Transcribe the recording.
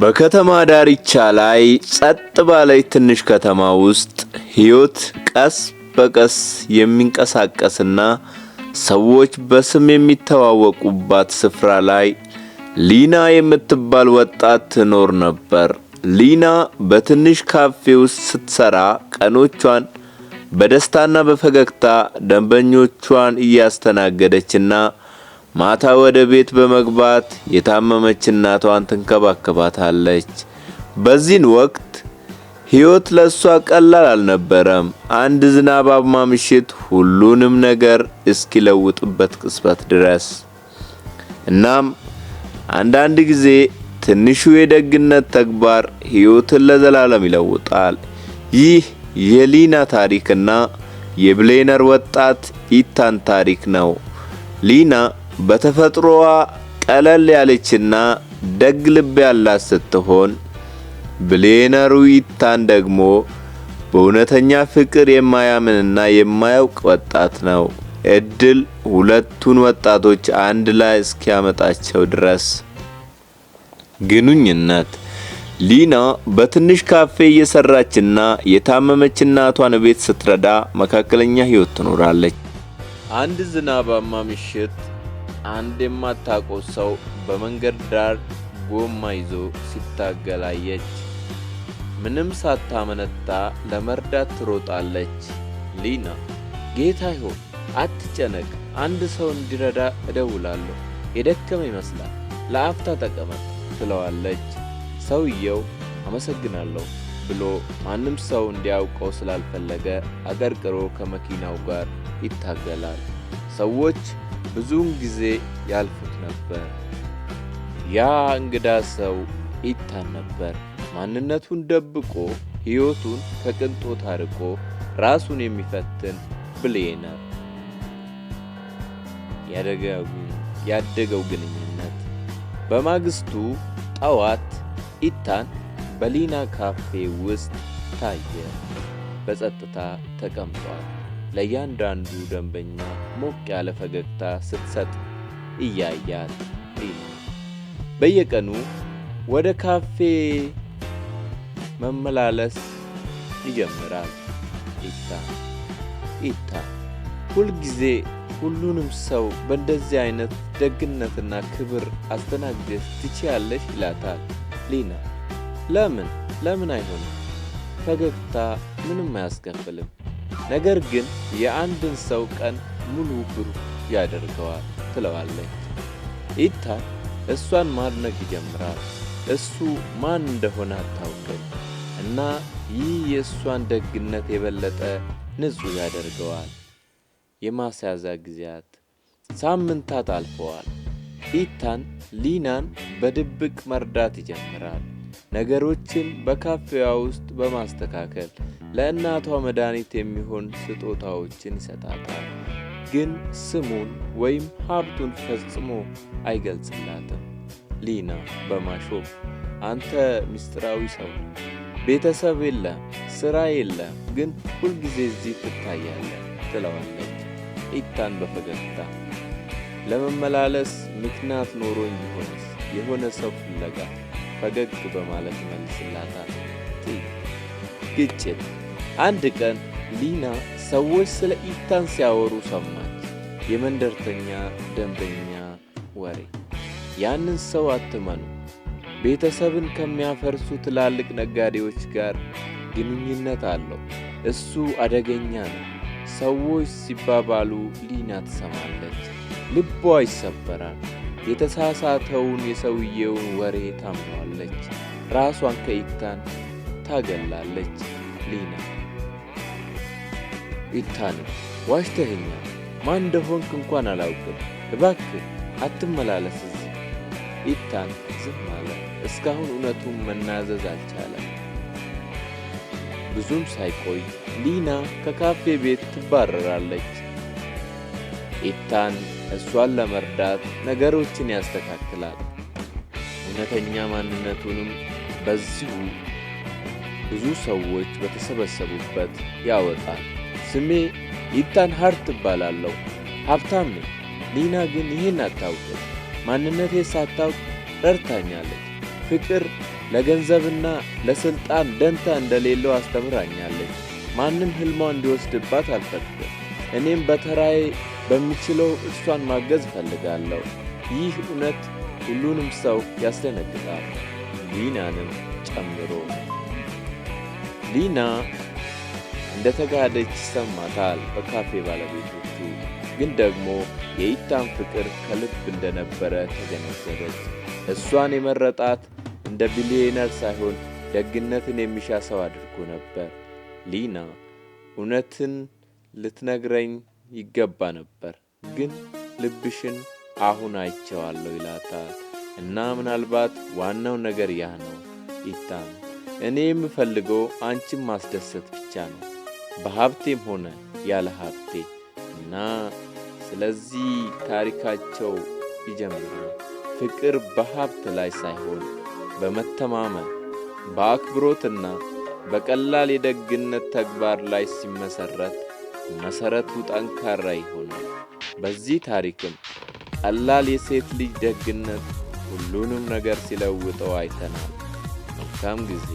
በከተማ ዳርቻ ላይ ጸጥ ባለች ትንሽ ከተማ ውስጥ ሕይወት ቀስ በቀስ የሚንቀሳቀስና ሰዎች በስም የሚተዋወቁባት ስፍራ ላይ ሊና የምትባል ወጣት ትኖር ነበር። ሊና በትንሽ ካፌ ውስጥ ስትሰራ ቀኖቿን በደስታና በፈገግታ ደንበኞቿን እያስተናገደችና ማታ ወደ ቤት በመግባት የታመመች እናቷን ትንከባከባታለች። በዚህን ወቅት ሕይወት ለእሷ ቀላል አልነበረም። አንድ ዝናባማ ምሽት ሁሉንም ነገር እስኪለውጥበት ቅጽበት ድረስ። እናም አንዳንድ ጊዜ ትንሹ የደግነት ተግባር ሕይወትን ለዘላለም ይለውጣል። ይህ የሊና ታሪክና የብሌነር ወጣት ኢታን ታሪክ ነው። ሊና በተፈጥሮዋ ቀለል ያለችና ደግ ልብ ያላት ስትሆን ይታን ደግሞ በእውነተኛ ፍቅር የማያምንና የማያውቅ ወጣት ነው። እድል ሁለቱን ወጣቶች አንድ ላይ እስኪያመጣቸው ድረስ። ግንኙነት ሊና በትንሽ ካፌ እየሰራችና የታመመች እናቷን ቤት ስትረዳ መካከለኛ ሕይወት ትኖራለች። አንድ ዝናባማ ምሽት አንድ የማታውቀው ሰው በመንገድ ዳር ጎማ ይዞ ሲታገላየች። ምንም ሳታመነታ ለመርዳት ትሮጣለች። ሊና ጌታ ይሆን አትጨነቅ፣ አንድ ሰው እንዲረዳ እደውላለሁ። የደከመ ይመስላል፣ ለአፍታ ተቀመጥ ትለዋለች። ሰውየው አመሰግናለሁ ብሎ ማንም ሰው እንዲያውቀው ስላልፈለገ አቀርቅሮ ከመኪናው ጋር ይታገላል። ሰዎች ብዙውን ጊዜ ያልፉት ነበር። ያ እንግዳ ሰው ይታን ነበር። ማንነቱን ደብቆ ሕይወቱን ከቅንጦት አርቆ ራሱን የሚፈትን ብሌነር። ያደገው ግንኙነት በማግስቱ ጠዋት ኢታን በሊና ካፌ ውስጥ ታየ። በጸጥታ ተቀምጧል። ለእያንዳንዱ ደንበኛ ሞቅ ያለ ፈገግታ ስትሰጥ እያያት በየቀኑ ወደ ካፌ መመላለስ ይጀምራል። ኢታ ኢታ ሁልጊዜ ሁሉንም ሰው በእንደዚህ አይነት ደግነትና ክብር አስተናግደሽ ትችያለሽ ይላታል። ሊና ለምን ለምን አይሆንም? ፈገግታ ምንም አያስከፍልም። ነገር ግን የአንድን ሰው ቀን ሙሉ ብሩህ ያደርገዋል ትለዋለች። ኢታን እሷን ማድነቅ ይጀምራል። እሱ ማን እንደሆነ አታውቅም እና ይህ የእሷን ደግነት የበለጠ ንጹሕ ያደርገዋል። የማስያዛ ጊዜያት ሳምንታት አልፈዋል። ኢታን ሊናን በድብቅ መርዳት ይጀምራል። ነገሮችን በካፌዋ ውስጥ በማስተካከል ለእናቷ መድኃኒት የሚሆን ስጦታዎችን ይሰጣታል። ግን ስሙን ወይም ሀብቱን ፈጽሞ አይገልጽላትም። ሊና በማሾፍ አንተ ምስጢራዊ ሰው፣ ቤተሰብ የለም፣ ሥራ የለም፣ ግን ሁልጊዜ እዚህ ትታያለህ ትለዋለች። ኢታን በፈገግታ ለመመላለስ ምክንያት ኖሮኝ ቢሆንስ የሆነ ሰው ፍለጋ ፈገግ በማለት መልስላታል። ግጭት አንድ ቀን ሊና ሰዎች ስለ ኢታን ሲያወሩ ሰማች። የመንደርተኛ ደንበኛ ወሬ። ያንን ሰው አትመኑ። ቤተሰብን ከሚያፈርሱ ትላልቅ ነጋዴዎች ጋር ግንኙነት አለው። እሱ አደገኛ ነው። ሰዎች ሲባባሉ ሊና ትሰማለች። ልቧ ይሰበራል። የተሳሳተውን የሰውየውን ወሬ ታምኗለች። ራሷን ከኢታን ታገላለች። ሊና ኢታን ዋሽተኸኛል፣ ማን እንደሆንክ እንኳን አላውቅም። እባክህ አትመላለስ እዚህ። ኢታን ዝም አለ። እስካሁን እውነቱን መናዘዝ አልቻለም። ብዙም ሳይቆይ ሊና ከካፌ ቤት ትባረራለች። ኢታን እሷን ለመርዳት ነገሮችን ያስተካክላል። እውነተኛ ማንነቱንም በዚሁ ብዙ ሰዎች በተሰበሰቡበት ያወጣል። ስሜ ኢታን ሃርት እባላለሁ። ሀብታም ነኝ። ሊና ግን ይህን አታውቅም። ማንነቴ ሳታውቅ ረድታኛለች። ፍቅር ለገንዘብና ለሥልጣን ደንታ እንደሌለው አስተምራኛለች። ማንም ሕልሟ እንዲወስድባት አልፈቅድም። እኔም በተራዬ በምችለው እሷን ማገዝ እፈልጋለሁ። ይህ እውነት ሁሉንም ሰው ያስደነግጣል፣ ሊናንም ጨምሮ። ሊና እንደ ተጋደች ይሰማታል በካፌ ባለቤቶቹ። ግን ደግሞ የኢታን ፍቅር ከልብ እንደነበረ ተገነዘበች። እሷን የመረጣት እንደ ቢሊዮነር ሳይሆን ደግነትን የሚሻ ሰው አድርጎ ነበር። ሊና እውነትን ልትነግረኝ ይገባ ነበር፣ ግን ልብሽን አሁን አይቼዋለሁ ይላታል እና ምናልባት ዋናው ነገር ያህ ነው ይታም እኔ የምፈልገው አንቺም ማስደሰት ብቻ ነው በሀብቴም ሆነ ያለ ሀብቴ እና ስለዚህ ታሪካቸው ይጀምራል። ፍቅር በሀብት ላይ ሳይሆን በመተማመን በአክብሮትና በቀላል የደግነት ተግባር ላይ ሲመሠረት መሰረቱ ጠንካራ ይሆናል። በዚህ ታሪክም ቀላል የሴት ልጅ ደግነት ሁሉንም ነገር ሲለውጠው አይተናል። መልካም ጊዜ